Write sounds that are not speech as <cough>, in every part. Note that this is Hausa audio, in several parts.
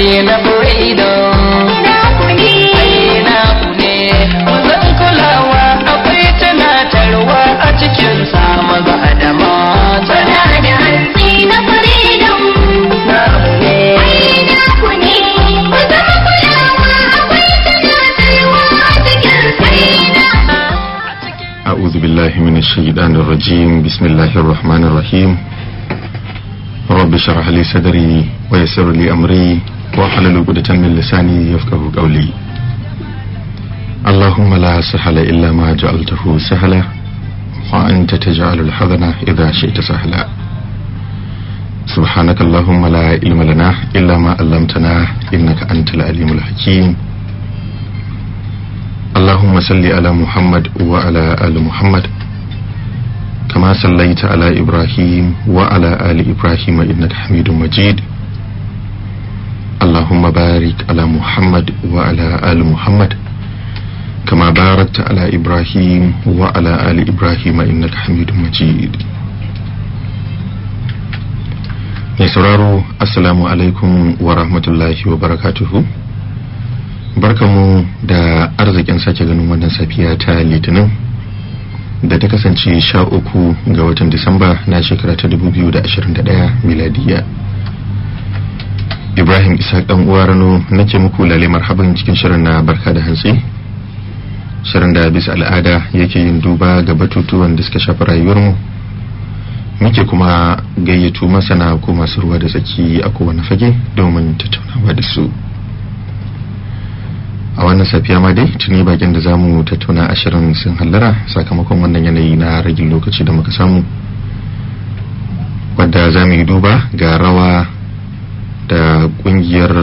أعوذ بالله من الشيطان الرجيم بسم الله الرحمن الرحيم رب شرح لي صدري ويسر لي أمري واحلل عقدة من لساني يفقه قولي اللهم لا سهل إلا ما جعلته سهلا وأنت تجعل الحزن إذا شئت سهلا سبحانك اللهم لا علم لنا إلا ما علمتنا إنك أنت العليم الحكيم اللهم صل على محمد وعلى آل محمد كما صليت على إبراهيم وعلى آل إبراهيم إنك حميد مجيد اللهم بارك على محمد وعلى آل محمد كما باركت على إبراهيم وعلى آل إبراهيم إنك حميد مجيد mai sauraro assalamu alaikum wa rahmatullahi wa barakatuhu barkamu da arzikin sake ganin wannan safiya ta litinin da ta kasance sha uku ga watan disamba na shekara ta 2021 miladiya ibrahim isa dan uwa rano ce muku lale marhaban cikin shirin na barka da hantsi shirin da bisa al'ada yake yin duba ga batutuwan da suka shafi rayuwarmu muke kuma gayyato masana ko masu ruwa da tsaki a kowane fage domin tattaunawa da su a wannan safiya ma dai tuni bakin da zamu tattauna ashirin sun hallara sakamakon wannan yanayi na ragin lokaci da muka samu wadda za mu yi duba ga rawa da kungiyar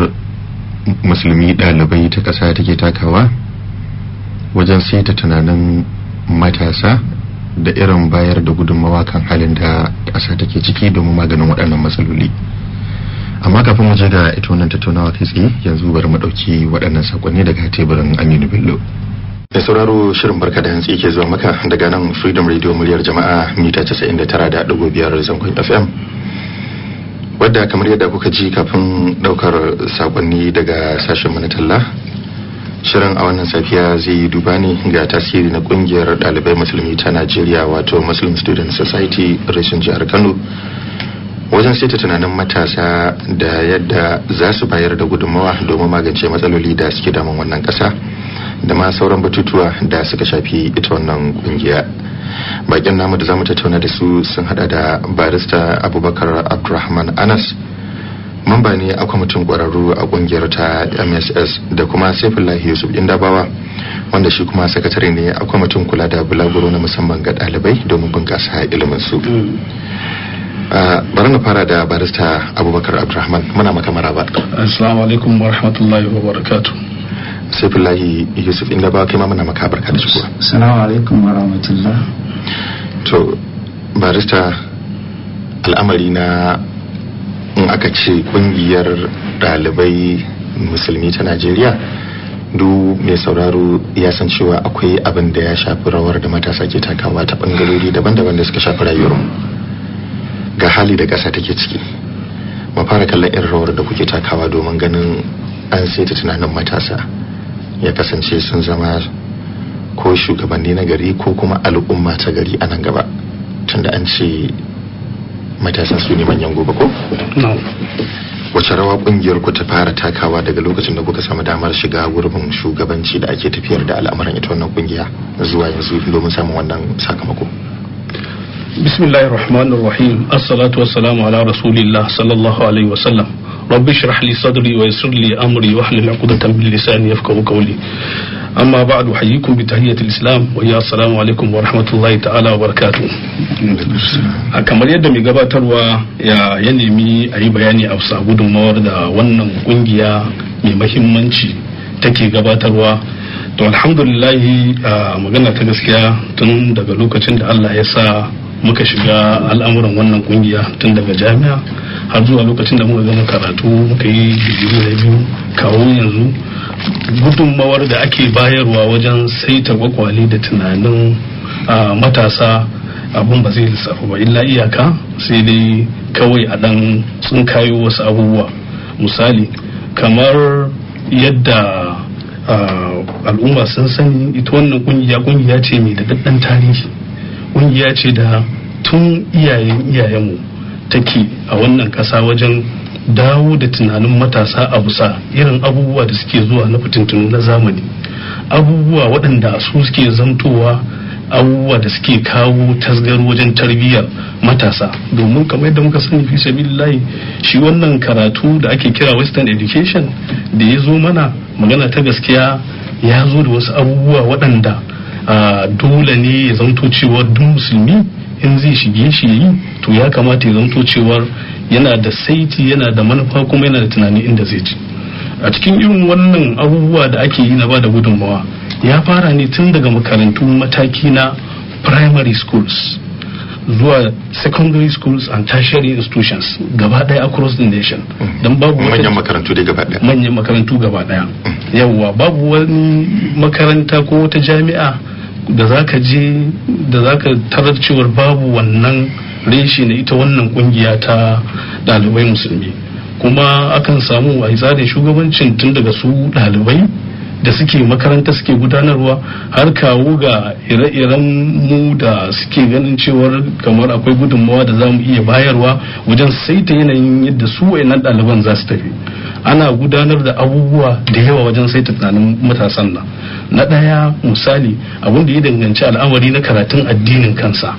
musulmi dalibai ta kasa take takawa wajen saita tunanin matasa da irin bayar da gudunmawa kan halin da kasa take ciki domin maganin waɗannan matsaloli amma kafin mu je ga ita wannan tattaunawa kai tsaye yanzu bari mu ɗauki waɗannan sakonni daga teburin aminu bello da sauraro shirin barka da hantsi ke zuwa maka daga nan freedom radio muryar jama'a mita 99.5 zangon fm wadda kamar yadda kuka ji kafin daukar sakonni daga sashen talla shirin a wannan safiya zai yi duba ne ga tasiri na kungiyar dalibai musulmi ta najeriya wato muslim student society rashin jihar kano wajen saita tunanin matasa da yadda za su bayar da gudunmawa domin magance matsaloli da suke damun wannan kasa da ma sauran batutuwa da suka shafi ita wannan kungiya bakin namu da zamu tattauna da su sun hada da barista abubakar abdurrahman anas mamba ne a kwamitin kwararru a kungiyar ta mss da kuma saifullahi yusuf indabawa wanda shi kuma sakatare ne a kwamitin kula da bulaguro na musamman ga dalibai domin bunkasa ilimin su mm. ah, bari na fara da barista abubakar abdurrahman muna maka maraba assalamu alaikum wa rahmatullahi wa barakatuh saifullahi yusuf inda ba kai ma muna maka barka da shigowa salamu alaikum wa to barista al'amari na in aka ce kungiyar ɗalibai musulmi ta najeriya duk mai sauraro ya san cewa akwai abin da ya shafi rawar da matasa ke takawa ta bangarori daban-daban da suka shafi rayuwarmu ga hali da ƙasa take ciki mafara kallon irin rawar da kuke takawa domin ganin an ta tunanin matasa ya kasance sun zama ko shugabanni na gari ko kuma al'umma ta gari a nan gaba tunda an ce matasa su ne manyan gobe ko? wace rawa kungiyar ku ta fara takawa daga lokacin da kuka samu damar shiga gurbin shugabanci da ake tafiyar da al'amuran ita wannan kungiya zuwa yanzu domin samun wannan sakamako bismillahir rahmanir rahim assalatu wassalamu ala rasulillah sallallahu alaihi wasallam rabbi shrah li sadri wa yassir li amri wa hlul 'uqdatan min lisani yafqahu qawli amma ba'du hayyikum bi tahiyyati al-islam wa ya assalamu alaikum wa rahmatullahi ta'ala wa barakatuh kamar yadda mai gabatarwa ya ya nemi a yi bayani a sa gudunmawar da wannan kungiya mai mahimmanci take gabatarwa to alhamdulillah magana ta gaskiya tun daga lokacin da Allah ya sa muka shiga al'amuran wannan kungiya tun daga jami'a har zuwa lokacin da muka gama karatu muka yi digiri da biyu kawo yanzu gudunmawar da ake bayarwa wajen saita kwakwale da tunanin matasa abun ba zai lissafa ba illa iyaka sai dai kawai a dan sun kayo wasu abubuwa misali kamar yadda al'umma sun sani ita wannan kungiya kungiya ce mai da daddan tarihi kungiya ce da tun iyayen iyayenmu take a wannan kasa wajen dawo da tunanin matasa a busa irin abubuwa da suke zuwa na fitintunu na zamani abubuwa waɗanda su suke zamtowa abubuwa da suke kawo tasgar wajen tarbiyyar matasa domin kamar yadda muka sani fi sabilillahi shi wannan karatu da ake kira western education da ya zo mana magana ta gaskiya ya zo da wasu abubuwa waɗanda dole ne ya zanto cewa duk musulmi in zai shige shi yi to ya kamata ya zanto cewa yana da saiti yana da manufa kuma yana da tunani inda zai ci a cikin irin wannan abubuwa da ake yi na ba da gudunmawa ya fara ne tun daga makarantu mataki na primary schools zuwa secondary schools and tertiary institutions gaba daya across the nation mm. don babu manyan makarantu da gaba daya manyan makarantu gaba daya yawwa babu wani makaranta ko wata jami'a da za ka je da za ka tarar cewar babu wannan reshe na ita wannan kungiya ta ɗalibai musulmi kuma akan samu a tsarin shugabancin tun daga su ɗalibai da suke makaranta suke gudanarwa har kawo ga ire-iren mu da suke ganin cewar kamar akwai gudunmawa da za mu iya bayarwa wajen saita yanayin yadda su wayannan ɗaliban za su tafi ana gudanar da abubuwa da yawa wajen saita tunanin matasan nan na ɗaya misali abin da ya danganci al'amari na karatun addinin kansa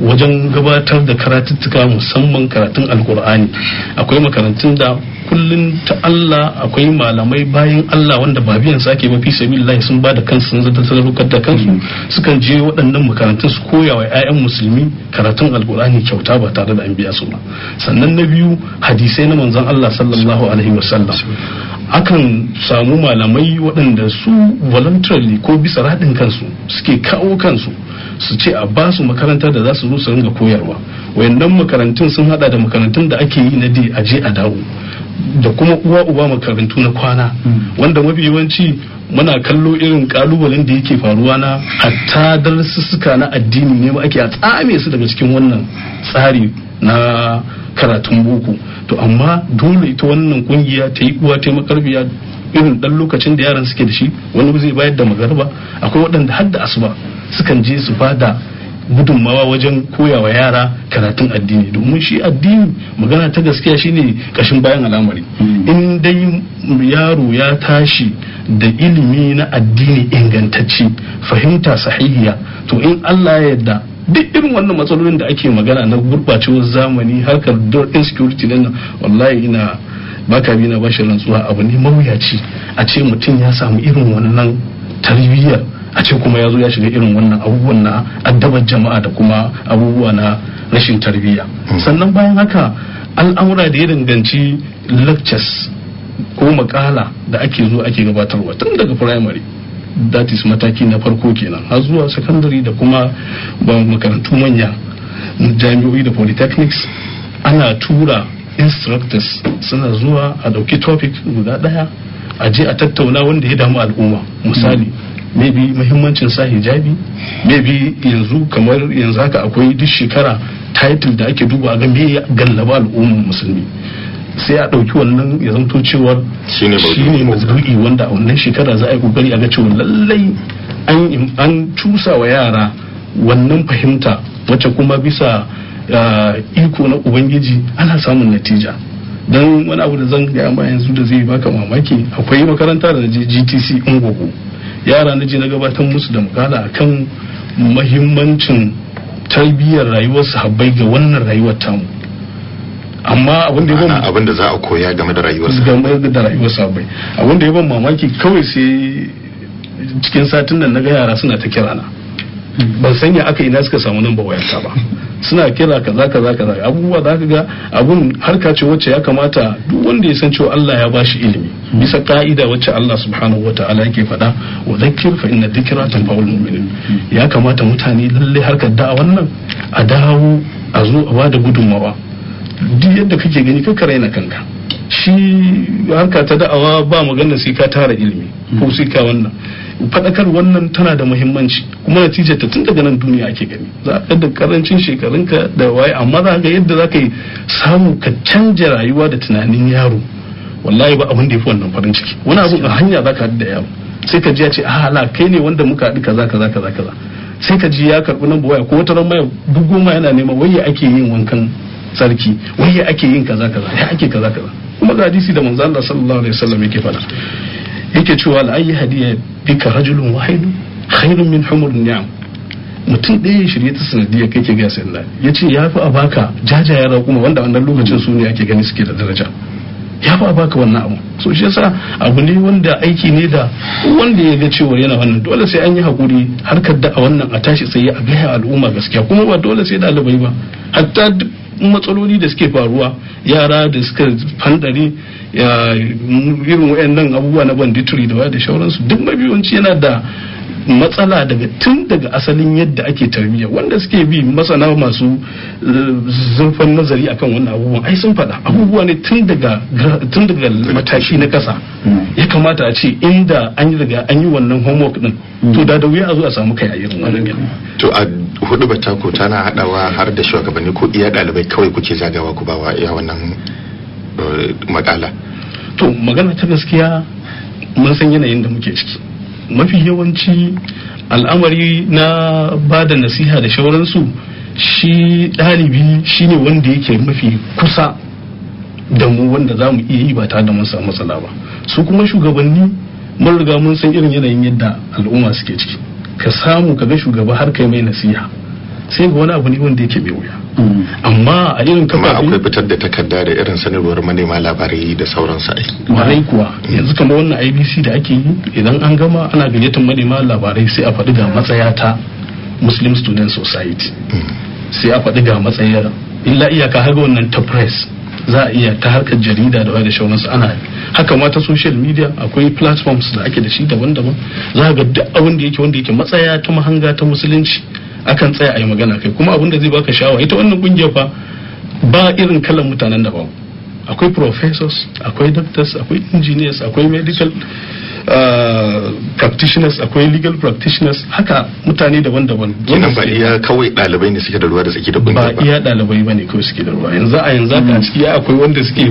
wajen gabatar da karatuttuka musamman karatun alkur'ani akwai makarantun da kullum ta Allah akwai malamai bayan Allah wanda ba biyan sake ba fi sabilillahi sun ba da kansu sun zata sadaukar da kansu sukan je waɗannan makarantun su koya wa 'ya'yan musulmi karatun alkur'ani kyauta ba tare da an biya su ba sannan na biyu hadisai na manzon Allah sallallahu alaihi wasallam akan samu malamai waɗanda su voluntarily ko bisa raɗin kansu suke kawo kansu su ce a basu makaranta makarantar da za su su su ringa koyarwa wayannan makarantun sun hada da makarantun da ake yi na di a je a dawo da kuma uwa uba makarantu na kwana hmm. wanda mafi yawanci muna kallo irin kalubalen da yake faruwa na hatta darsussuka na addini ne ba ake a tsame su daga cikin wannan tsari na karatun boko to amma dole ita wannan kungiya ta yi uwa ta makarbiya irin dan lokacin da yaran suke da shi wani zai bayar da magarba akwai waɗanda har da asuba sukan je su fada. gudunmawa wajen koyawa yara karatun addini domin shi addini magana ta gaskiya shine kashin bayan al'amari hmm. in dai yaro ya tashi da ilimi na addini ingantacce fahimta sahihiya to in Allah ya yarda duk irin wannan matsalolin da ake magana na gurbacewar zamani harkar insecurity na wallahi ina baka bi na bashi rantsuwa abu ne mawuyaci a ce mutum ya samu irin wannan tarbiyyar a ce kuma ya zo ya shiga irin wannan abubuwan na addabar jama'a da kuma abubuwa na rashin tarbiyya mm. sannan bayan haka al'amura da ya danganci lectures ko makala da ake zo ake gabatarwa tun daga primary that is mataki na farko kenan har zuwa secondary da kuma makarantu manya jami'o'i da polytechnics ana tura instructors suna zuwa a dauki topic guda daya a je a tattauna wanda ya damu al'umma misali mm. maybe muhimmancin sa hijabi maybe yanzu kamar yanzu haka akwai duk shekara title da ake duba ga me ya gallaba al'ummar musulmi sai a ɗauki wannan ya zanto cewar shi ne mazdu'i wanda a wannan shekara za a yi kokari a ga cewa lallai an cusa wa yara wannan fahimta wacce kuma bisa ah, iko na ubangiji ana samun natija don wani abu da zan gaya ma yanzu da zai baka mamaki akwai makaranta da je gtc ungogo yara na je na gabatar musu da makala akan mahimmancin tarbiyyar rayuwar Habai ga wannan rayuwar tamu amma abinda da ya ban za a koya game da rayuwar game da rayuwar sahabbai abin da ya ban mamaki kawai sai cikin satin nan na ga yara suna ta kirana ban sanya aka ina suka samu nan ba ba suna kira kaza kaza kaza abubuwa za ka ga abun harka ce wacce ya kamata duk wanda ya san cewa Allah ya bashi ilimi bisa ka'ida wacce Allah subhanahu wataala yake faɗa wa zakir fa inna dhikra tanfa'ul mu'minin ya kamata mutane lalle harkar da'a wannan a dawo a zo a bada gudunmawa duk yadda kake gani ka na kanka shi harka ta da'awa ba magana sai ka tara ilimi ko sai ka wannan Fadakar wannan tana da muhimmanci kuma natijar ta tun daga nan duniya ake gani za ka da karancin shekarunka da waye amma za ga yadda za ka yi samu ka canja rayuwa da tunanin yaro wallahi ba abin da ya fi wannan farin ciki wani abin a hanya za ka haɗu da yaro sai ka ji ya ce a hala kai ne wanda muka haɗu kaza kaza kaza kaza sai ka ji ya karɓi nan waya ko wata ran maya duk goma yana nema waye ake yin wankan sarki waye ake yin kaza kaza ya ake kaza kaza kuma ga hadisi da manzo Allah sallallahu alaihi wasallam yake faɗa yake cewa la'ayi hadiya bika rajulun wahidu khairun min humur ni'am mutum ɗaya ya shirye ta sanadiyar kai ke gaya sayan lani ya ce ya fi a baka jajayen raƙuma wanda wannan lokacin su ne ake gani suke da daraja ya fi a baka wannan abu so shi yasa abu ne wanda aiki ne da wanda ya ga cewa yana wannan dole sai an yi hakuri harkar da a wannan a tashi tsaye a gaya al'umma gaskiya kuma ba dole sai ɗalibai ba hatta duk matsaloli da suke faruwa yara da suka fandare irin wayannan abubuwa na banditry da waya da shauransu duk mabiyanci yana da matsala daga tun daga asalin yadda ake tarbiyya wanda suke bi masana masu eh, zurfan nazari akan wannan abubuwan ai sun faɗa abubuwa ne tun daga matashi na kasa ya kamata a ce inda an yi daga an yi wannan homework din to da da wuya a zo a samu kai a irin wannan to a hudu batako tana hadawa har da shugabanni ko iya dalibai kawai kuke zagawa ku ba wa iya wannan makala to magana ta gaskiya mun san yanayin da muke ciki mafi yawanci al'amari na ba da nasiha da shauransu shi ɗalibi ne wanda yake mafi kusa da mu wanda za mu iya yi ba tare da mun samu matsala ba su kuma shugabanni mun riga mun san irin yanayin yadda al'umma suke ciki ka samu ka ga shugaba har kai mai nasiha sai ga wani abu ne wanda yake mai wuya amma a irin kafafen akwai fitar da takarda da irin sanarwar manema labarai da sauran sa malai kuwa yanzu kamar wannan IBC da ake yi idan an gama ana gayyatar manema labarai sai a faɗi ga matsaya ta Muslim Student Society sai a faɗi ga matsayar illa iyaka har wannan ta press za a iya ta harkar jarida da da su ana haka ma ta social media akwai platforms da ake da shi daban-daban za a ga duk abin da yake wanda yake matsaya ta mahanga ta musulunci akan tsaya a yi magana kai kuma abin da zai baka sha'awa ita wannan kungiya fa ba irin kalan mutanen da ba akwai professors akwai doctors akwai engineers akwai medical Uh, practitioners akwai legal practitioners haka mutane daban-daban yana ba iya kawai dalibai ne suke da ruwa da suke da kungiya ba iya dalibai bane kawai suke da ruwa yanzu a yanzu ka a ya hmm. akwai wanda suke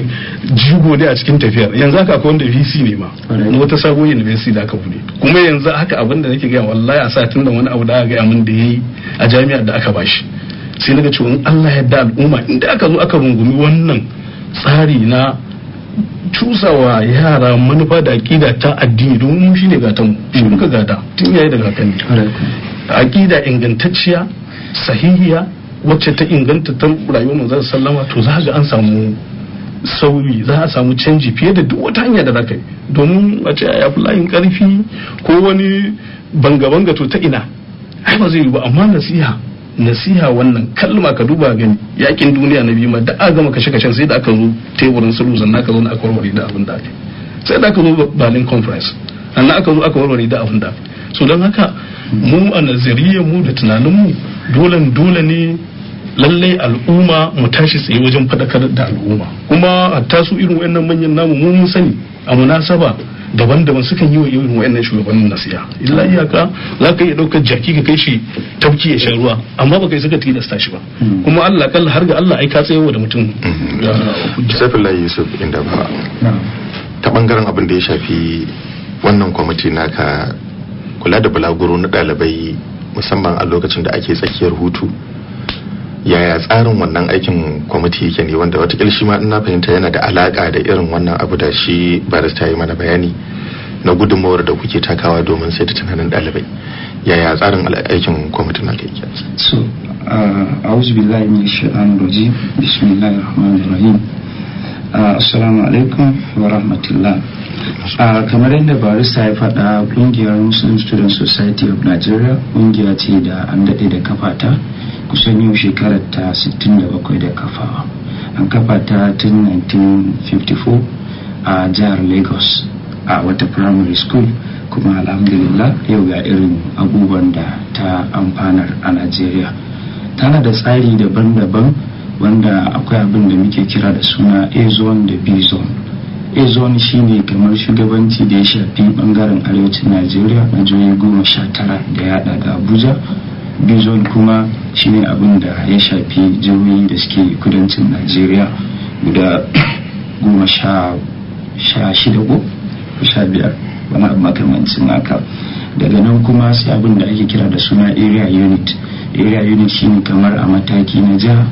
jigo ne a cikin tafiyar yanzu ka akwai wanda VC ne ma wata sabuwar university da aka bude kuma yanzu haka abin da nake ga wallahi a satin da wani abu da aka ga mun da yayi a jami'ar da aka bashi sai naga cewa Allah ya da al'umma inda aka zo aka rungumi wannan tsari na cusawa yara manufa da aƙida ta addini domin mu shine gatan shi muka gada tun yayi daga kan aƙida ingantacciya sahihiya wacce ta inganta ta rayuwar manzon sallama to za ga an samu sauyi za a samu canji fiye da duk wata hanya da za ka yi domin a ce ya fi layin karfi ko wani banga-banga to ta ina ai ba zai yi ba amma nasiha nasiha wannan kalma ka duba gani yakin duniya na biyu ma da a gama kashe kashen sai da aka zo teburin sulhu sannan aka zo na aka warware da abin da sai da aka zo Berlin conference sannan aka zo aka warware da abin da so don haka mu a nazariyar mu da tunanin mu dole dole ne lallai al'umma mu tashi tsaye wajen fadakar da al'umma kuma a tasu irin wayannan manyan namu mun sani a munasaba daban-daban sukan yi wa irin wayannan shugabannin nasiya illa iyaka za ka iya ɗaukar jaki ka kai shi tafki ya shan ruwa amma baka kai suka tilasta shi ba hmm. kuma Allah kalla har ga Allah ai ka tsayawa da mutum hmm. Saifullahi Yusuf inda ba ta bangaren abin da ya shafi wannan kwamiti naka kula da bulaguro na ɗalibai musamman a lokacin da ake tsakiyar hutu yaya tsarin wannan aikin kwamiti yake ne wanda watakila shi ma na fahimta yana da alaka da irin wannan abu da shi barista yi mana bayani na gudunmawar da kuke takawa domin sai ta tunanin ɗalibai yaya tsarin aikin kwamiti na kai yake so uh, a'udhu billahi min shaitanir roji bismillahir rahmanir rahim uh, assalamu alaikum wa rahmatullah uh, kamar yadda barista ya faɗa ƙungiyar muslim student society of nigeria ƙungiya ce da an daɗe da kafata kusan yau shekarar ta 67 da kafawa an kafa ta tun 1954 a jihar lagos a wata primary school kuma alhamdulillah yau ga irin abubuwan da ta amfanar a nigeria. tana da tsari daban-daban wanda akwai abin da muke kira da suna a zone da b zone a zone shine kamar shugabanci da ya shafi bangaren arewacin najeriya majoyi goma sha tara da yada da abuja bizon kuma shine abin da ya shafi jihohi da suke kudancin najeriya guda goma sha shida ko sha biyar wani abu makamancin haka daga nan kuma sai abin da ake kira da suna area unit area unit shine kamar a mataki na jiha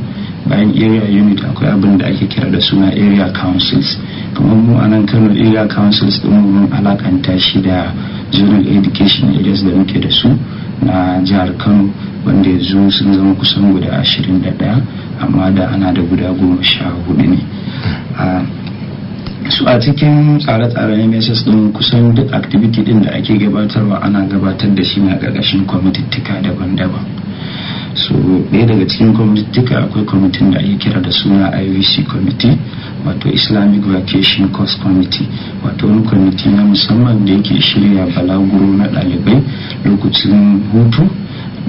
bayan area unit akwai abin da ake kira da suna area councils kamar mu a nan kano area councils din mun alakanta shi da general education areas da muke da su na jihar kano wanda yanzu sun zama kusan guda ashirin da ɗaya amma da ana da guda goma sha hudu ne su a cikin tsare-tsaren mss din kusan duk activity din da ake gabatarwa ana gabatar da shi na gargashin kwamitattuka daban-daban so ɗaya daga cikin kwamitittuka akwai kwamitin da ake kira da suna ivc committee wato islamic vacation course committee wato wani kwamiti na musamman da yake shirya balaguro na ɗalibai lokacin hutu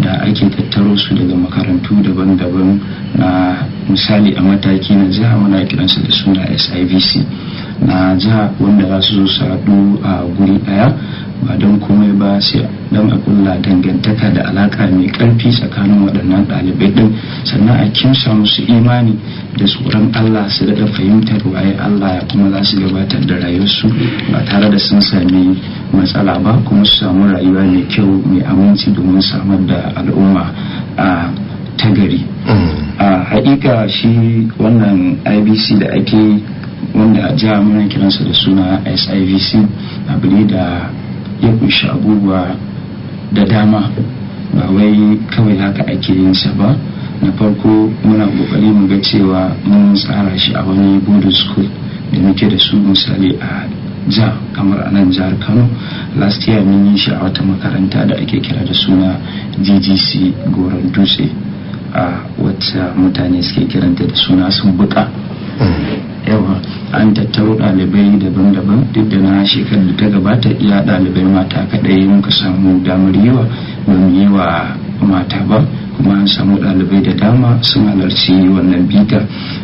da ake tattaro su daga makarantu daban-daban na misali a mataki na jiha muna kiransa da suna sivc na jiha wanda za su zo su haɗu a guri ɗaya ba don komai ba su don a kulla dangantaka da alaka mai karfi tsakanin waɗannan ɗalibai ɗin sannan a kimsa musu imani da tsoron Allah su daɗa fahimtar waye Allah ya kuma za su gabatar da rayuwarsu ba tare da sun sami matsala ba kuma su samu rayuwa mai kyau mai aminci domin samar da al'umma a ta gari mm. a haƙiƙa shi wannan ibc da ake wanda jamian jiha kiransa da suna sivc abu ne da ya kunshi abubuwa da dama ba wai kawai haka ake yin sa ba na farko muna kokari mu ga cewa mun tsara shi a wani boarding school da muke da su misali a ja kamar a nan jihar kano last year mun yi shi a wata makaranta da ake kira da suna ggc goron dutse a wacce mutane suke kiranta da suna sun buka hmm. yawa an tattaro dalibai daban-daban duk da na shekarar da ta gabata iya dalibai mata kaɗai muka samu damar yiwa ba mu yi wa mata ba kuma an samu dalibai da dama sun halarci wannan bita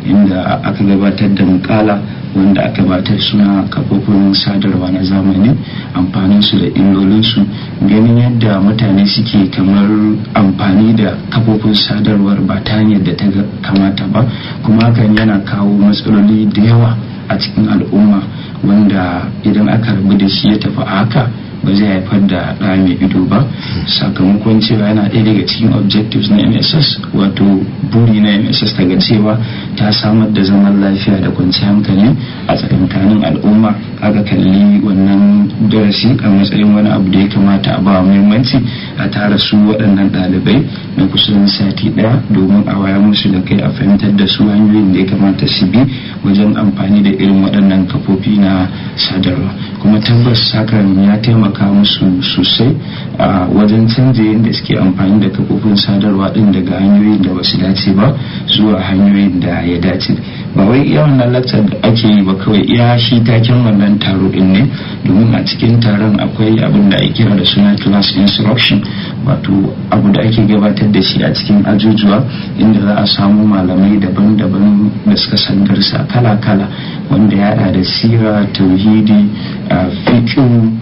inda aka gabatar da mukala wanda aka batar suna kafofin sadarwa na zamani amfaninsu da illolinsu ganin yadda mutane suke kamar amfani da kafofin sadarwar ba ta hanyar da ta kamata ba kuma hakan yana kawo matsaloli da yawa a cikin al'umma wanda idan aka rabu da shi ya tafi a haka ba zai haifar da ɗa mai ido ba sakamakon cewa yana ɗaya daga cikin objectives na mss wato buri na mss daga cewa ta samar da zaman lafiya da kwanciyar hankali a tsakankanin al'umma aka kalli wannan darasi a matsayin wani abu da ya kamata a ba muhimmanci a tara su waɗannan ɗalibai na kusan sati ɗaya domin a waya musu da kai a fahimtar da su hanyoyin da ya kamata su bi wajen amfani da irin waɗannan kafofi na sadarwa kuma tabbas hakan ya taimaka musu sosai a wajen canje yadda suke amfani da kafofin sadarwa din daga hanyoyin da basu dace ba zuwa hanyoyin da ya dace ba wai iya wannan lakcar da ake yi ba kawai iya shi taken wannan taro din ne domin a cikin taron akwai abin da ake kira da suna class instruction wato abu da ake gabatar da shi a cikin ajujuwa inda za a samu malamai daban-daban da suka san darsa kala-kala wanda ya haɗa da sira tauhidi fikin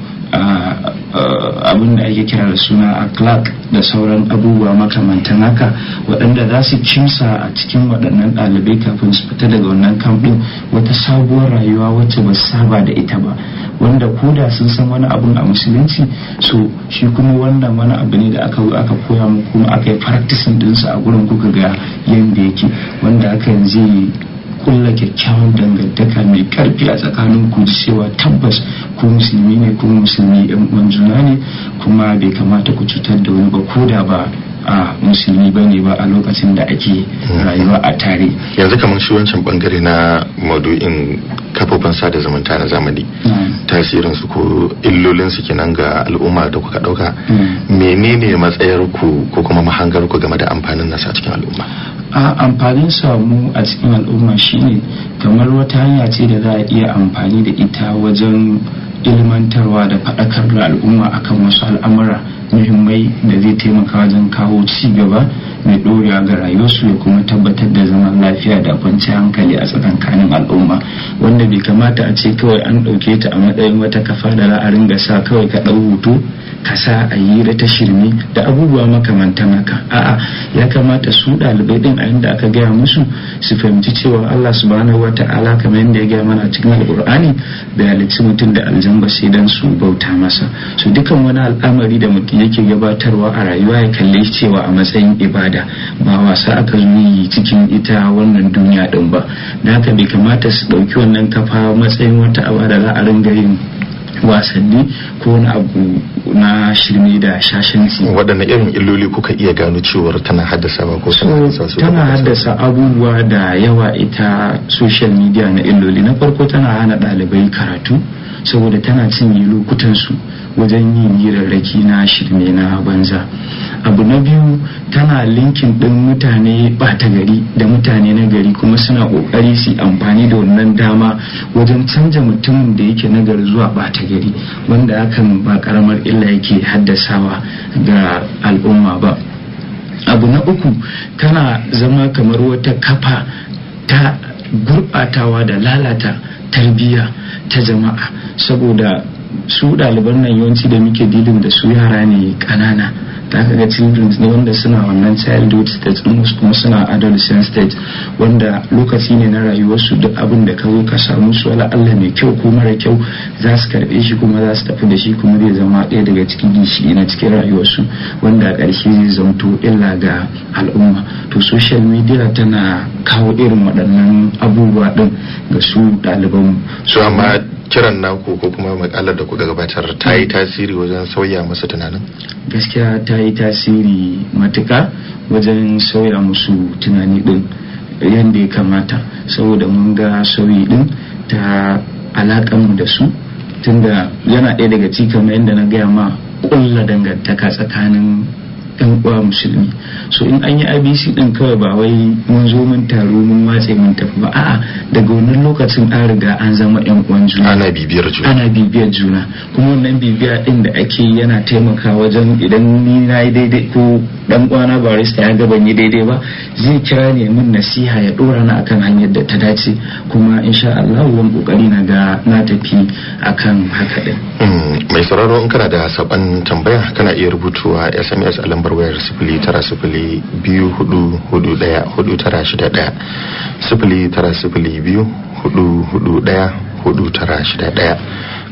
abin da ake kira da suna a aklak da sauran abubuwa makamantan haka waɗanda za su cimsa a cikin waɗannan ɗalibai kafin su fita daga wannan kamfin wata sabuwar rayuwa wacce ba saba da ita ba wanda koda sun san wani abin a musulunci so shi kuma wannan wani abu ne da aka aka koya mu kuma aka yi practicing dinsa a gurin kuka ga yanda yake wanda aka zai kulla kyakkyawan dangantaka mai karfi a tsakanin ku cewa tabbas ku musulmi ne ku musulmi yan uwan juna ne kuma bai kamata ku cutar da wani ba ko da ba a musulmi ba ne ba a lokacin da ake hmm. rayuwa a tare yanzu kamar shi wancan bangare na maudu'in kafofin sada zumunta na zamani hmm. tasirin su ko illolin su kenan ga al'umma da kuka dauka hmm. menene matsayar ku ko kuma mahangar ku game da amfanin nasa cikin al'umma a amfanin samu a cikin al'umma shine kamar wata hanya ce da za a iya amfani da ita wajen ilmantarwa da faɗakar da al'umma akan wasu al'amura muhimmai da zai taimaka wajen kawo ci gaba mai ɗorewa ga rayuwarsu ya kuma tabbatar da zaman lafiya da kwanciyar hankali a tsakankanin al'umma wanda bai kamata a ce kawai an ɗauke ta a matsayin wata kafa da za a sa kawai ka ɗau hoto kasa a yi ta shirme da abubuwa makamantan haka a'a ya kamata su dalibai din a inda aka gaya musu su fahimci cewa Allah subhanahu wa ta'ala kamar yadda ya gaya mana cikin alkur'ani da halicci mutum da aljamba sai dan su bauta masa su dukan wani al'amari da mutum yake gabatarwa a rayuwa ya kalle cewa a matsayin ibada ba wasa aka zo yi cikin ita wannan duniya din ba da haka bai kamata su ɗauki wannan kafa matsayin wata abada da za a ringa yin wasanni ko wani abu na shirme da su waɗanne irin illoli kuka iya gano cewar tana haddasa ba ko tana haddasa abubuwa da yawa ita social media na illoli na farko tana hana ɗalibai karatu saboda tana cinye lokutan su. wajen yin hirarraki na shirme na banza abu na biyu tana linkin ɗin mutane ɓata gari da mutane na gari kuma suna ƙoƙari su amfani da wannan dama wajen canja mutumin da yake na gari zuwa ɓata gari wanda hakan ba ƙaramar illa yake haddasawa ga al'umma ba abu na uku tana zama kamar wata kafa ta gurɓatawa da lalata tarbiyya ta jama'a saboda su ɗaliban nan yawanci da muke dilin da su yara ne ƙanana ta kaga children ne wanda suna wannan childhood stage din kuma suna adolescent stage wanda lokaci ne na rayuwarsu duk abin da ka ka samu su wala Allah mai kyau ko mara kyau za su karɓe shi kuma za su tafi da shi kuma zai zama ɗaya daga cikin gishiri na cikin rayuwarsu wanda a ƙarshe zai zamto illa ga al'umma to social media tana kawo irin waɗannan abubuwa ɗin ga su ɗalibanmu. su amma kiran naku ko kuma makalar da kuka gabatar ta yi tasiri wajen sauya musu tunanin gaskiya ta yi tasiri matuka wajen sauya musu tunani din yadda ya kamata saboda mun ga sauyi din ta alakan da su tunda yana ɗaya daga cikin yadda na gaya ma ƙulla dangantaka tsakanin yan uwa musulmi so in an yi abc ɗin kawai ba wai mun zo mun taro mun watse mun tafi ba a'a daga wannan lokacin an riga an zama yan uwan juna ana bibiyar juna ana bibiyar juna kuma wannan bibiya ɗin da ake yana taimaka wajen idan ni na yi daidai ko dan uwana barista ya ga ban yi daidai ba zai kira ne min nasiha ya ɗora na akan hanyar da ta dace kuma insha Allah wani kokari na ga na tafi akan haka din hmm, mai sauraro in kana da saban tambaya kana iya rubutuwa sms a lambar lambar wayar sifili tara sifili biyu hudu hudu daya hudu tara shida daya sifili tara sifili biyu hudu hudu daya hudu tara shida daya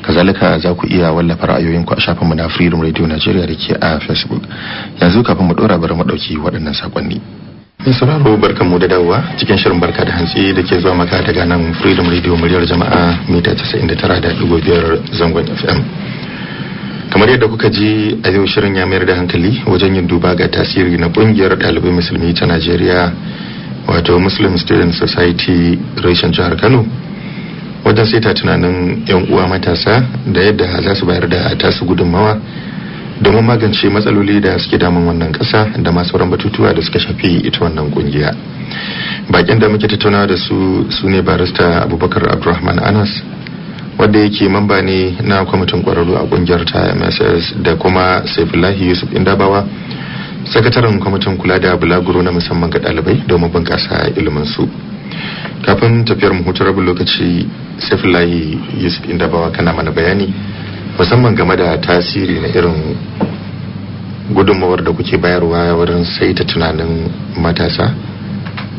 kazalika za ku iya wallafa ra'ayoyinku a shafinmu na freedom radio nigeria da ke a facebook yanzu kafin mu dora bari madauki waɗannan sakonni mai sauraro mu da dawowa cikin shirin barka da hantsi da ke zuwa maka daga nan freedom radio muryar jama'a mita 99.5 zangon fm yadda kuka ji a yau shirin ya mayar da hankali wajen yin duba ga tasiri na kungiyar ɗalibai musulmi ta najeriya wato muslim student society reshen jihar kano wajen sai ta tunanin yan uwa matasa da yadda za su bayar da tasu gudunmawa domin magance matsaloli da suke damun wannan ƙasa da masu sauran batutuwa da suka shafi ita wannan kungiya bakin da muke tattaunawa da su su ne barista abubakar abdulrahman anas wadda yake mamba ne na kwamitin kwararru a kungiyar ta mss da kuma saifullahi yusuf indabawa sakataren kwamitin kula da bulaguro na musamman ga dalibai domin bunkasa su. kafin tafiyar mu hutu rabin lokaci saifullahi yusuf indabawa kana mana bayani musamman game da tasiri na irin gudunmawar da kuke bayarwa wurin saita tunanin matasa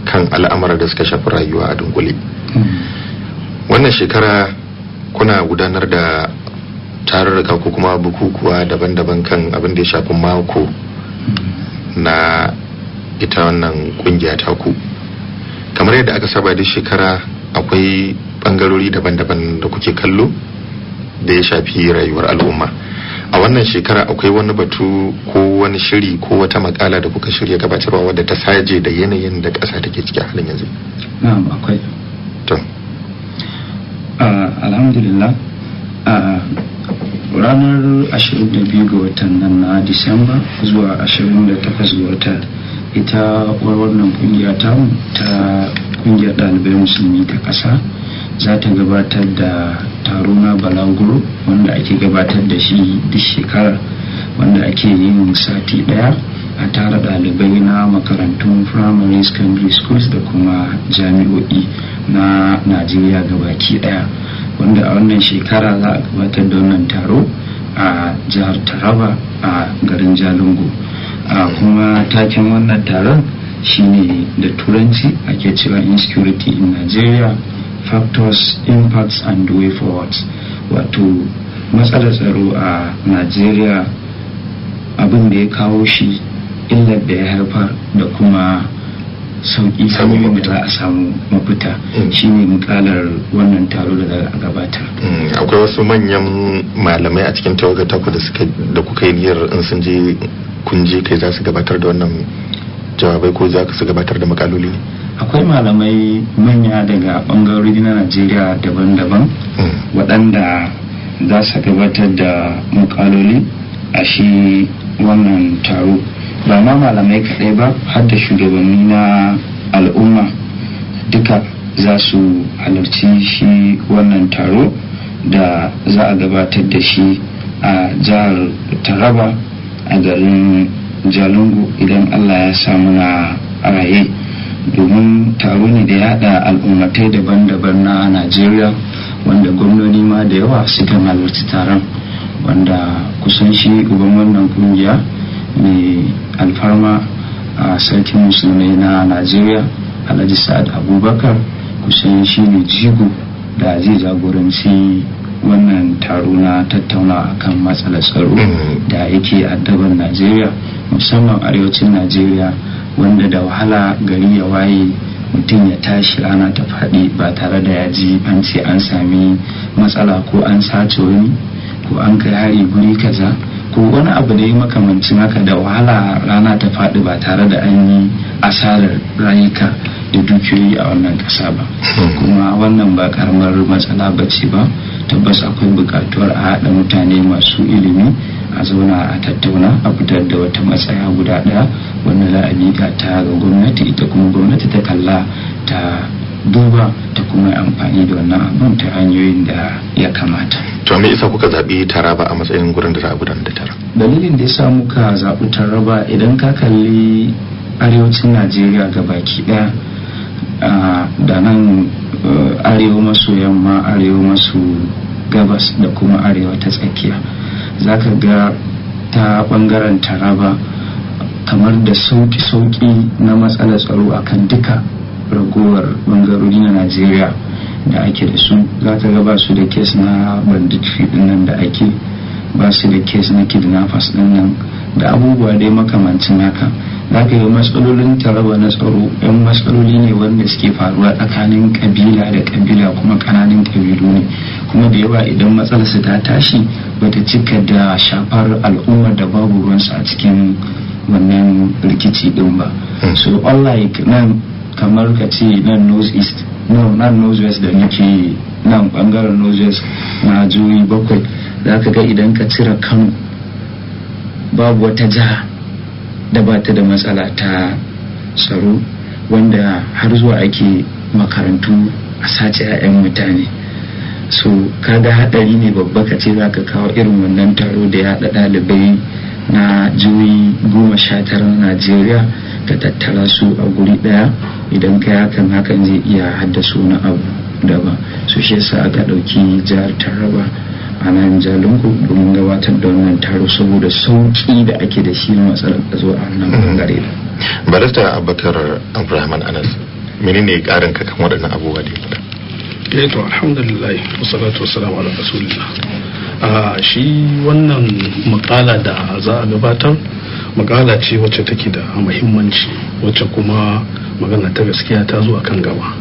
kan al'amura da suka shafi rayuwa a dunkule mm. wannan shekara kuna gudanar da tararraka ko kuma bukukuwa daban-daban kan abin da ya shafi mako na ita wannan kungiya ta ku kamar yadda aka saba da shekara akwai bangarori daban-daban da kuke kallo da ya shafi rayuwar al'umma a wannan shekara akwai wani batu ko wani shiri ko wata makala da kuka shirya gabatarwa wadda ta saje da yanayin da ƙasa take ciki halin yanzu na'am akwai alhamdulillah ranar 22 ga watan nan na disamba zuwa 28 ga wata ita wannan kungiya tamu ta kungiyar dalibai musulmi ta kasa za ta gabatar da taro na balaguro wanda ake gabatar da shi duk shekara wanda ake yin sati ɗaya a tara dalibai na makarantun primary secondary schools da kuma jami'o'i na najeriya gabaki ɗaya wanda a wannan shekara za a gabatar da wannan taro a jihar taraba a garin jalingo a kuma takin wannan taron shine da turanci ake cewa insecurity in nigeria factors impacts and way forward wato matsalar tsaro a nigeria abin da ya kawo shi illar da ya haifar da kuma sauƙi hanyoyin da za a samu mafita mm. Shi ne mukalar wannan taro da za a gabata mm, akwai wasu manyan malamai a cikin tawaga taku da kuka yi niyyar in sun je kun je kai za su gabatar da wannan jawabai ko za su gabatar da makaloli akwai malamai manya daga bangarori na najeriya daban-daban mm. waɗanda za su gabatar da makaloli a shi wannan taro ba ma malamai kaɗai ba har da shugabanni na al'umma duka za su halarci shi wannan taro da za a gabatar da shi a jihar taraba a garin jalungu idan allah ya samu na raye domin taro ne da ya haɗa al'ummatai daban-daban na najeriya wanda gwamnoni ma da yawa suka halarci taron wanda kusan shi uban wannan kungiya mai alfarma a sarkin musulmai na najeriya alhaji sa'ad abubakar kusan shi ne jigo da zai jagoranci wannan taro na tattauna akan matsalar tsaro mm-hmm. da yake addaban najeriya musamman arewacin najeriya wanda da wahala gari ya waye mutum ya tashi rana ta faɗi ba tare da ya ji an ce an sami matsala ko an sace wani ko an kai hari guri kaza to wani abu da ya makamancin haka da wahala rana ta faɗi ba tare da an yi asarar rayuka da dukiyoyi a wannan ƙasa ba hmm. kuma wannan ba karamar matsala ba ce ba tabbas akwai buƙatuwar a haɗa mutane masu ilimi a zauna a tattauna a fitar da wata matsaya guda ɗaya wannan za a ta ga gwamnati ita kuma gwamnati ta kalla ta duba ta kuma amfani da wannan abun ta hanyoyin da ya kamata to me isa kuka zaɓi taraba a matsayin gurin da za a gudanar da tara dalilin da yasa muka zaɓi taraba idan ka kalli arewacin najeriya ga baki ɗaya da nan e, arewa maso yamma arewa maso gabas da kuma arewa ta tsakiya za ka ga ta bangaren taraba kamar da sauki-sauki na matsalar tsaro akan duka ragowar bangarori na najeriya da ake da su za ta ba su da kes na bandit din nan da ake ba su da kes na kidnappers din nan da abubuwa dai makamancin haka za ka yi matsalolin taraba na tsaro yan matsaloli ne wanda suke faruwa tsakanin kabila da kabila kuma kananan kabilu ne kuma da yawa idan su ta tashi bata cika da shafar al'ummar da babu ruwansu a cikin wannan rikici din ba hmm. so Allah nan kamar ka ce nan north east no nan north west da muke nan bangaren north west na jihohi bakwai za ka ga idan ka cire kano babu wata jiha da ba ta da matsala ta tsaro wanda har zuwa ake makarantu a sace 'ya'yan mutane so kaga hadari ne babba ka ce za ka kawo irin wannan taro da ya haɗa ɗalibai na juyi goma sha tara na najeriya ka tattara su a guri ɗaya idan kai hakan hakan zai iya haddasa wani abu daban su shi yasa aka ɗauki jihar taraba a nan jalungu domin gabatar da wannan taro saboda sauƙi da ake da shi matsalar zuwa a nan bangare mm-hmm. barista abubakar abrahman anas ne ƙarin ka kan waɗannan abubuwa da ya faɗa eh to alhamdulillah wassalatu wassalamu ala rasulillah a ah, shi wannan makala da za a gabatar makala ce wacce take da muhimmanci wacce kuma magana ta gaskiya ta zuwa kan gaba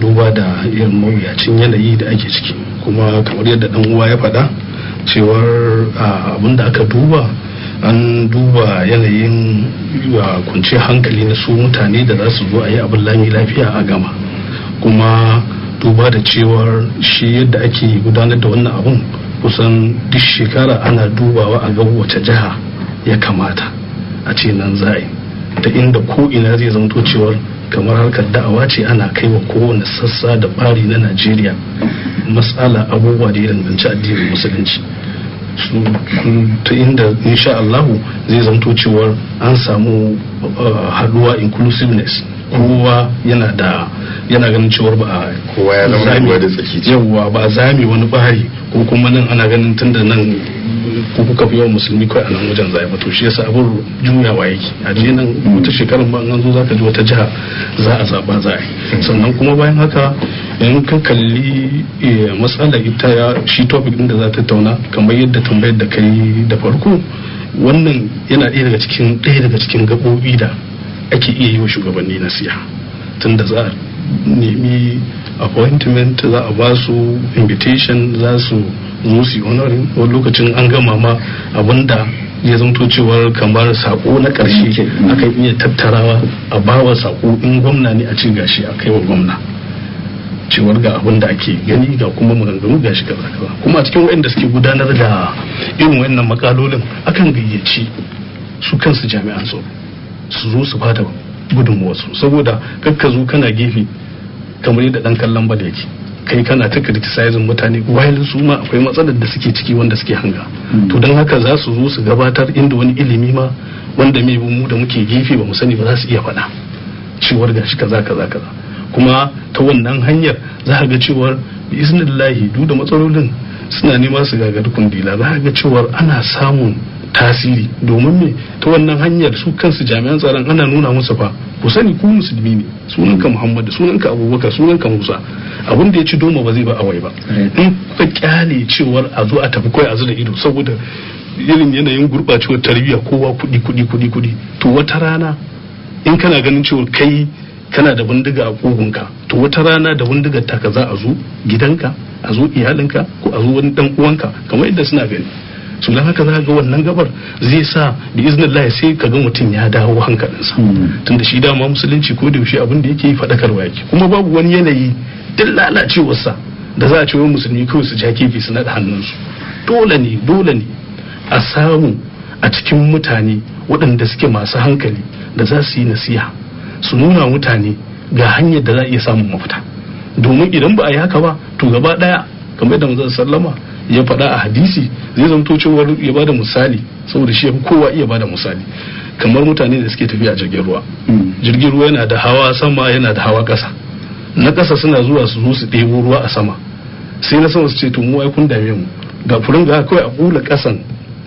duba da irin mawuyacin yanayi da ake ciki kuma kamar yadda dan uwa ya faɗa cewar abin da aka duba an duba yanayin kunce hankali na su mutane da za su zo a yi abin lami lafiya a gama kuma duba da cewar shi yadda ake gudanar da wannan abun kusan duk shekara ana dubawa a ga wace jiha ya kamata a ce nan za'a yi ta inda ko ina zai zanto cewar kamar harkar da'awa ce ana kai wa kowane sassa da bari na najeriya matsala abubuwa da ya danganci addinin musulunci su mm, ta inda insha allahu zai zanto cewar an samu uh, haduwa inclusiveness kowa yana da yana ganin cewar ba a kowa ya zama ruwa da tsaki yawwa ba a wani bari ko kuma nan ana ganin tunda nan ko kuka fi yawan musulmi kawai a nan wajen zai to shi yasa abin juyawa yake a je nan wata shekarun ba an zo za ji wata jiha za a zaba za a yi sannan kuma bayan haka in ka kalli eh, matsala ita ya shi topic din da za ta tauna kamar yadda tambayar da kai da farko wannan yana ɗaya daga cikin ɗaya daga cikin gaɓoɓi da ake iya yi wa shugabanni nasiha tunda za a nemi appointment za a ba su invitation za su zo honorin lokacin an gama ma abinda ya zanto cewar kamar sako na karshe aka iya tattarawa a bawa sako in gwamna ne a cin gashi a kai gwamna cewar ga abin da ake gani ga kuma maganganu ga shi kaza kuma a cikin wayanda suke gudanar da irin wayannan makalolin akan gayyaci su kansu jami'an tsaro su zo su bada wasu saboda kakka zo kana gefe kamar yadda dan kallon bal yake kai kana ta criticizing mutane while su ma akwai matsalar da suke ciki wanda suke hanga hmm. to don haka za su zo su gabatar inda wani ilimi ma wanda mai mu da muke gefe ba mu sani ba za su iya faɗa cewar gashi kaza kaza kaza kuma ta wannan hanyar za ka ga cewar bi lahi duk da matsalolin suna nema su gagari kundila za ka ga cewar ana samun tasiri domin me ta wannan hanyar su kansu jami'an tsaron ana nuna musu fa ku sani ku musulmi ne sunanka muhammad sunanka abubakar sunanka musa abin da ya ci doma ba zai ba awai ba in ka kyale cewar a zo a tafi kawai a da ido saboda irin yanayin gurɓacewar tarbiyya kowa kuɗi kuɗi kuɗi kudi to wata rana in kana ganin cewa kai kana da bindiga a kogunka to wata rana da bindigar ta za a zo gidanka a zo iyalinka ko a zo wani dan uwanka kamar yadda suna gani so don haka za ga wannan gabar zai sa bi iznillah sai ka ga mutum ya dawo hankalinsa hmm. tunda shi dama musulunci ko da yaushe abin da yake faɗakarwa yake kuma babu wani yanayi duk lalacewarsa da za a ce wai musulmi kawai su ja kifi su naɗa hannunsu dole ne dole ne a samu a cikin mutane waɗanda suke masu hankali da za su yi nasiha su nuna mutane ga hanyar da za a iya samun mafita domin idan ba a yi haka ba to gaba ɗaya kamar da manzon sallama ya faɗa a hadisi zai zamto cewa ya bada misali saboda shi kowa iya bada misali kamar mutane da suke tafiya a jirgin ruwa hmm. jirgin ruwa yana da hawa sama yana da hawa ƙasa na ƙasa suna zuwa su zo su ɗebo ruwa a sama sai na sama su ce to mu kun dame mu ga furin ga kawai a bula ƙasan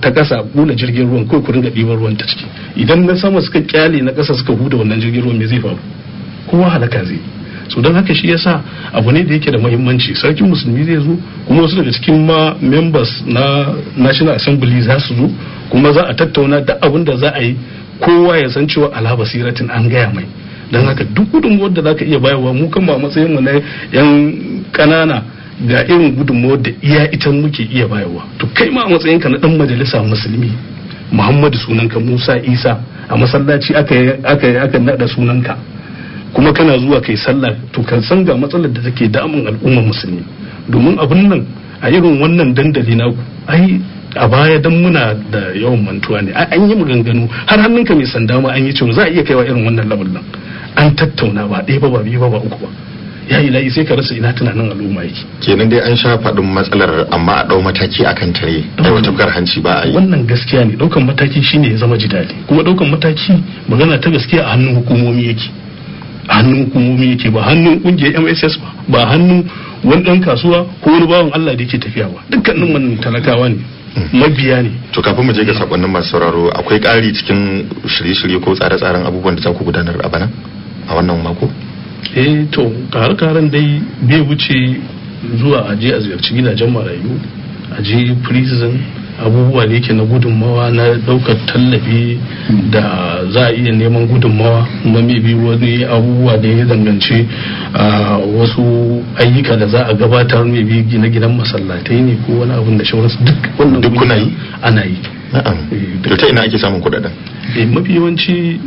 ta ƙasa bula jirgin ruwan kawai kurin ga ɗiban ruwan ta ciki idan na sama suka kyale na ƙasa suka huda wannan jirgin ruwan me zai faru kowa halaka zai so don haka shi yasa abu ne da yake da muhimmanci sarkin musulmi zai zo kuma wasu daga cikin ma members na national assembly za su zo kuma za a tattauna da abin da za a yi kowa ya san cewa ala basiratin an gaya mai don haka duk gudunmuwar da zaka iya bayarwa mu kan ba matsayin mu na yan kanana ga irin gudunmuwar da iya ita muke iya bayarwa to kai ma a matsayin ka na dan majalisa musulmi muhammadu sunanka musa isa a masallaci aka aka aka nada sunanka kuma kana zuwa kai sallah to kan san ga matsalar da take damun al'ummar musulmi domin abun nan a irin wannan dandali naku ai a baya dan muna da yawan mantuwa ne an yi maganganu har hannun ka mai sanda ma an yi cewa za a iya kaiwa irin wannan labar nan an tattauna ba ɗaya ba ba biyu ba ba uku ba ya yi layi sai ka rasa ina tunanin al'umma yake kenan dai an sha faɗin matsalar amma a ɗau mataki akan tare wata bukar hanci ba a yi wannan gaskiya ne ɗaukan mataki shine ya zama jidali kuma ɗaukan mataki magana ta gaskiya a hannun hukumomi yake hannun hukumomi yake ba hannun kungiyar mss ba ba hannun wani dan kasuwa ko wani bawan allah da yake tafiya ba dukkanin wani talakawa ne hmm. mabiya ne to kafin mu je ga sakonnin masu sauraro akwai ƙari cikin shirye-shirye ko tsare-tsaren abubuwan da za ku gudanar a bana a wannan mako eh to kare-karen dai bai wuce zuwa aje a ziyarci gidajen marayu aje prison abubuwa da yake na gudunmawa na daukar tallafi da za a iya neman gudunmawa kuma bi wani abubuwa da ya danganci wasu ayyuka da za a gabatar bi gine-ginen masallatai ne ko wani abin da shawararsu duk wannan kuna yi ana yi eh, da ta ina ake samun kudaden eh, mafi yawanci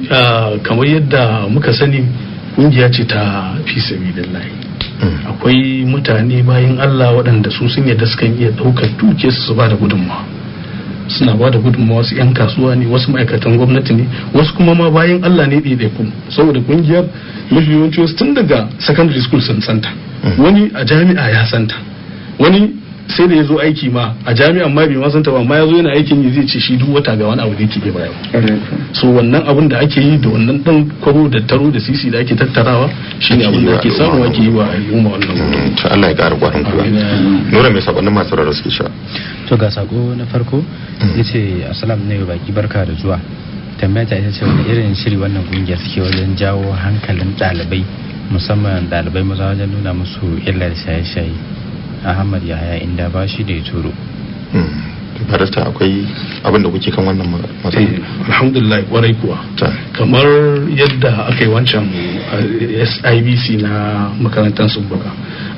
kamar yadda muka sani kungiya ce ta fi sabilillahi hmm. akwai mutane bayan Allah waɗanda su sun yadda sukan iya ɗaukar dukiyarsu su ba da gudunmawa suna ba da gudunmawa wasu 'yan kasuwa ne wasu ma'aikatan gwamnati ne wasu kuma ma bayan allah ne ɗaiɗaiku saboda kungiyar mafi yawanci wasu tun daga secondary school sun santa hmm. wani a jami'a ya santa wani sai da ya zo aiki ma a jami'an ma bai ma san ta ba amma ya zo yana aikin ne zai ce shi duk wata ga wani abu da yake iya bayarwa so wannan abun da ake yi da wannan dan kwaro da taro da sisi da ake tattarawa shine abin da ake samu ake yi wa al'umma wannan mm, to Allah ya ƙara ƙwarin gwiwa nura mai sabanin masu rarra suke sha to ga sako na farko mm. ce assalamu alaikum baki barka da zuwa tambaya ta ita ce wani irin shiri wannan kungiyar suke wajen jawo hankalin ɗalibai musamman ɗalibai maza wajen nuna musu illar shaye-shaye ahmad yaya inda ba shi da ya turo hmm. barista akwai abin kuke kan wannan matsayi eh, alhamdulillah kwarai kuwa kamar yadda aka yi wancan eh, sibc na makarantar subbaka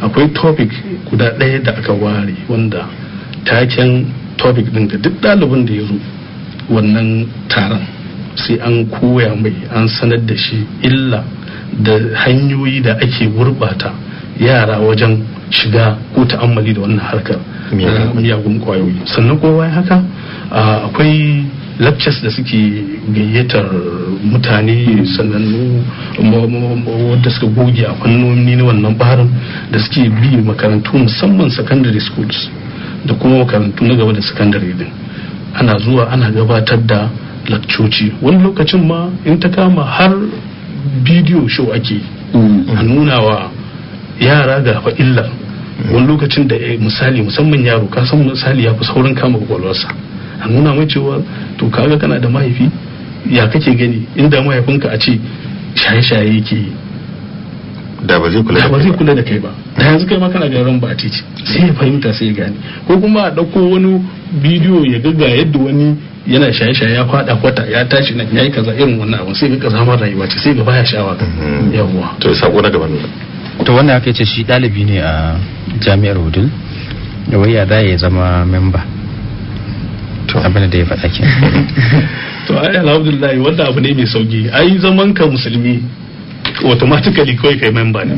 akwai topic guda ɗaya da aka ware wanda taken topic din da duk ɗalibin da ya zo wannan taron sai an koya mai an sanar da shi illa da hanyoyi da ake gurɓata yara wajen shiga ko ta'ammali da wannan harkar eh, miyagun kwayoyi sannan kowa ya haka akwai lectures da suke gayyatar mutane sannan wadda suka goge a fannoni na wannan barin da suke bi makarantu musamman secondary schools da kuma makarantu na gaba da secondary din ana zuwa ana gabatar da lakcoci wani lokacin ma in ta kama har bidiyo show ake mm. a nuna wa yara ga fa illa wani lokacin da eh, misali musamman yaro ka san misali ya fi saurin kama kwakwalwarsa a nuna mai cewa to kaga kana da mahaifi ya kake gani inda mahaifinka a ce shaye-shaye yake yi da ba zai kula da kai ba da yanzu kai ma kana ga ran ba a sai ya fahimta sai ya gane ko kuma a ɗauko wani bidiyo ya ga yadda wani yana shaye-shaye ya fada kwata ya tashi nan ya yi kaza irin wannan abu sai ga kazamar rayuwa ce sai ga baya sha'awa mm-hmm. yawwa to sako na gaban to wanda aka ce shi ɗalibi ne a jami'ar wudil da waya za ya zama memba abin da ya faɗa ke <laughs> to ai alhamdulillah wanda abu ne mai sauki ai zaman ka musulmi automatically kawai kai memba ne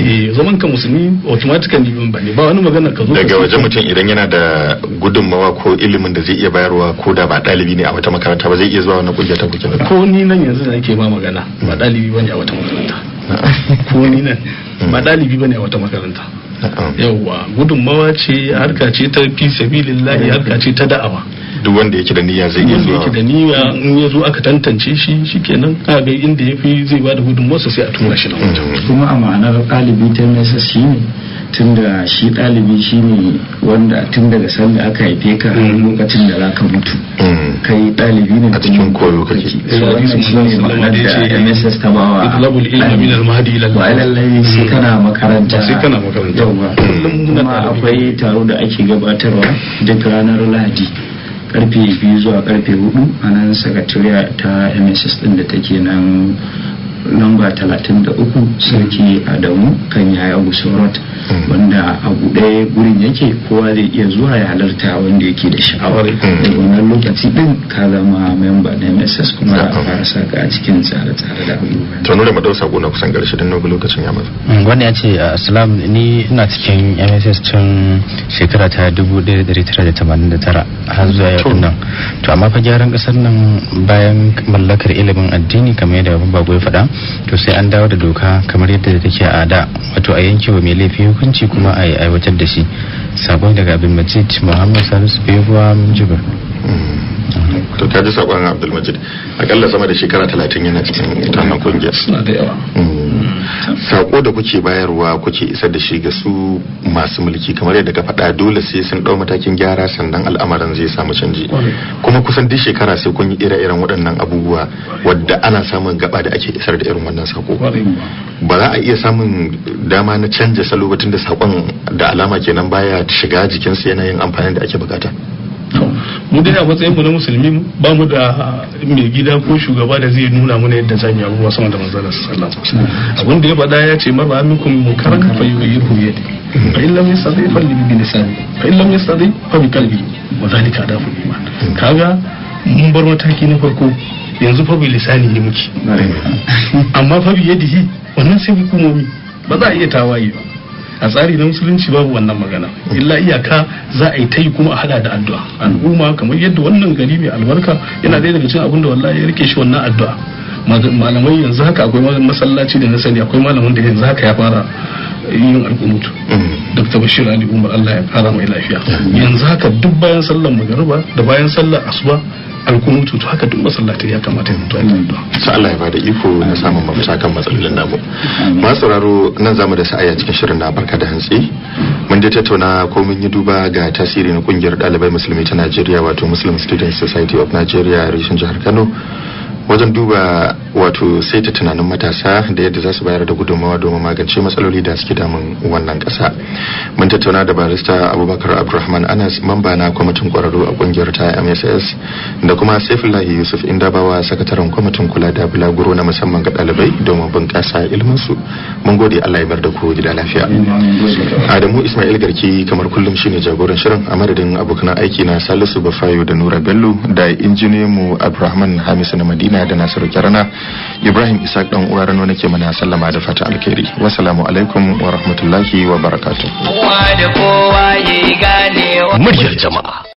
eh, zaman ka musulmi automatically memba ne ba wani magana ka zo daga waje mutum idan yana da gudunmawa ko ilimin da zai iya bayarwa ko da ba ɗalibi ne a wata makaranta ba zai iya zuwa wani kungiya ta kuke ko ni nan yanzu da nake ma magana ba ɗalibi ne a wata makaranta ko ni nan ba ɗalibi mm. ne a wata makaranta yauwa gudunmawa ce harka ce ta fi sabilillahi mm. harka ce ta da'awa duk wanda yake da niyya zai iya zuwa Wanda yake da niyya in ya zo aka tantance shi shikenan ka ga inda yafi zai ba da gudunmuwarsa sai a tura shi na wajen mm. kuma a ma'anar ɗalibi ta nesa shi ne tun da shi ɗalibi shi ne wanda tun daga sanda aka haife ka mm. lokacin da zaka mutu mm. kai ɗalibi ne a cikin koyo kake wannan shi ne ma'anar da MSS ta bawa itlabul ilmi min al-mahdi ila al-mahdi sai kana makaranta sai kana kuma akwai taro da ake gabatarwa duk ranar Lahadi karfe biyu zuwa karfe hudu a nan sakatariya ta mss din da take nan lamba 33 sarki adamu kan yaya saurat mm. wanda a buɗe gurin yake kowa zai iya zuwa ya halarta wanda yake da sha'awar mm. wannan lokaci din ka zama memba na mss kuma a mm. fara saka a cikin tsare-tsare da abubuwa to da madau sako na kusan garshe don nogu lokacin ya mazu wani ya ce assalam ni ina cikin mss tun shekara ta 1989 har zuwa yau nan to amma fa gyaran kasar nan bayan mallakar ilimin addini kamar yadda babu ya faɗa to sai an dawo da doka kamar yadda take a da wato a yankewa mai laifi hukunci kuma a yi aiwatar da shi sakon daga abin majid muhammad salisu bebuwa mun jibar mm. to ta ji sakon abdulmajid akalla sama da shekara talatin yana cikin ita wannan kungiyar mm. Mm. sako da kuke bayarwa kuke isar da shi ga su masu mulki kamar yadda ka faɗa dole sai sun ɗau matakin gyara sannan al'amarin zai samu canji kuma kusan duk shekara sai kun yi ire-iren waɗannan abubuwa wadda ana samun gaba da ake isar da da irin wannan sako ba za a iya samun dama na canja salo batun da sakon da alama kenan baya shiga jikinsu yanayin amfani da ake bukata mu dai a matsayin mu na musulmi ba mu da mai gida ko shugaba da zai nuna mana yadda za mu yi abubuwa sama da manzala sallallahu abin da ya faɗa ya ce mara marra mu karan fa yughayyiru bi huye fa in lam yastati fa bi lisani fa in lam yastati fa bi kalbi wa zalika dhalika adafu iman hmm. kaga mun bar mataki na farko yanzu fa bai lisani ne muke amma fa biye dihi wannan sai hukumomi ba za a iya tawaye ba a tsari na musulunci babu wannan magana illa iyaka za a yi ta yi kuma a hada da addu'a al'umma kamar yadda wannan gari mai albarka yana daya daga cikin abin da wallahi ya rike shi wannan addu'a malamai yanzu haka akwai masallaci da na sani akwai malamin da yanzu haka ya fara yin alkunutu dr bashir ali umar allah ya fara mai lafiya yanzu haka duk bayan sallar magariba da bayan sallar asuba alkunutu to haka duk masallatai ya kamata mutu a yi mm. sa Allah ya bada iko na samun mafita kan matsalolin namu ma sauraro nan zamu da sa'aya cikin shirin na barka da hantsi mun je tattauna ko mun yi duba ga tasiri na kungiyar ɗalibai musulmi ta Najeriya wato Muslim Student Society of Nigeria reshen jihar Kano wajen duba wato saita tunanin matasa da yadda za su bayar da gudunmawa domin magance matsaloli da suke damun wannan kasa mun tattauna da barista abubakar abdulrahman anas mamba na kwamitin kwararru a kungiyar ta mss da kuma saifullahi yusuf bawa sakataren kwamitin kula da bulaguro na musamman ga ɗalibai domin bunƙasa ilminsu mun gode allah ya bar da ku gida lafiya adamu ismail garki kamar kullum shine jagoran shirin a madadin abokan aiki na salisu bafayo da nura bello da injiniyan mu abdulrahman hamisu na madina madina da nasiru kirana ibrahim isaac dan uwa wani nake mana sallama da fata alkhairi wassalamu alaikum wa rahmatullahi wa barakatuh muryar jama'a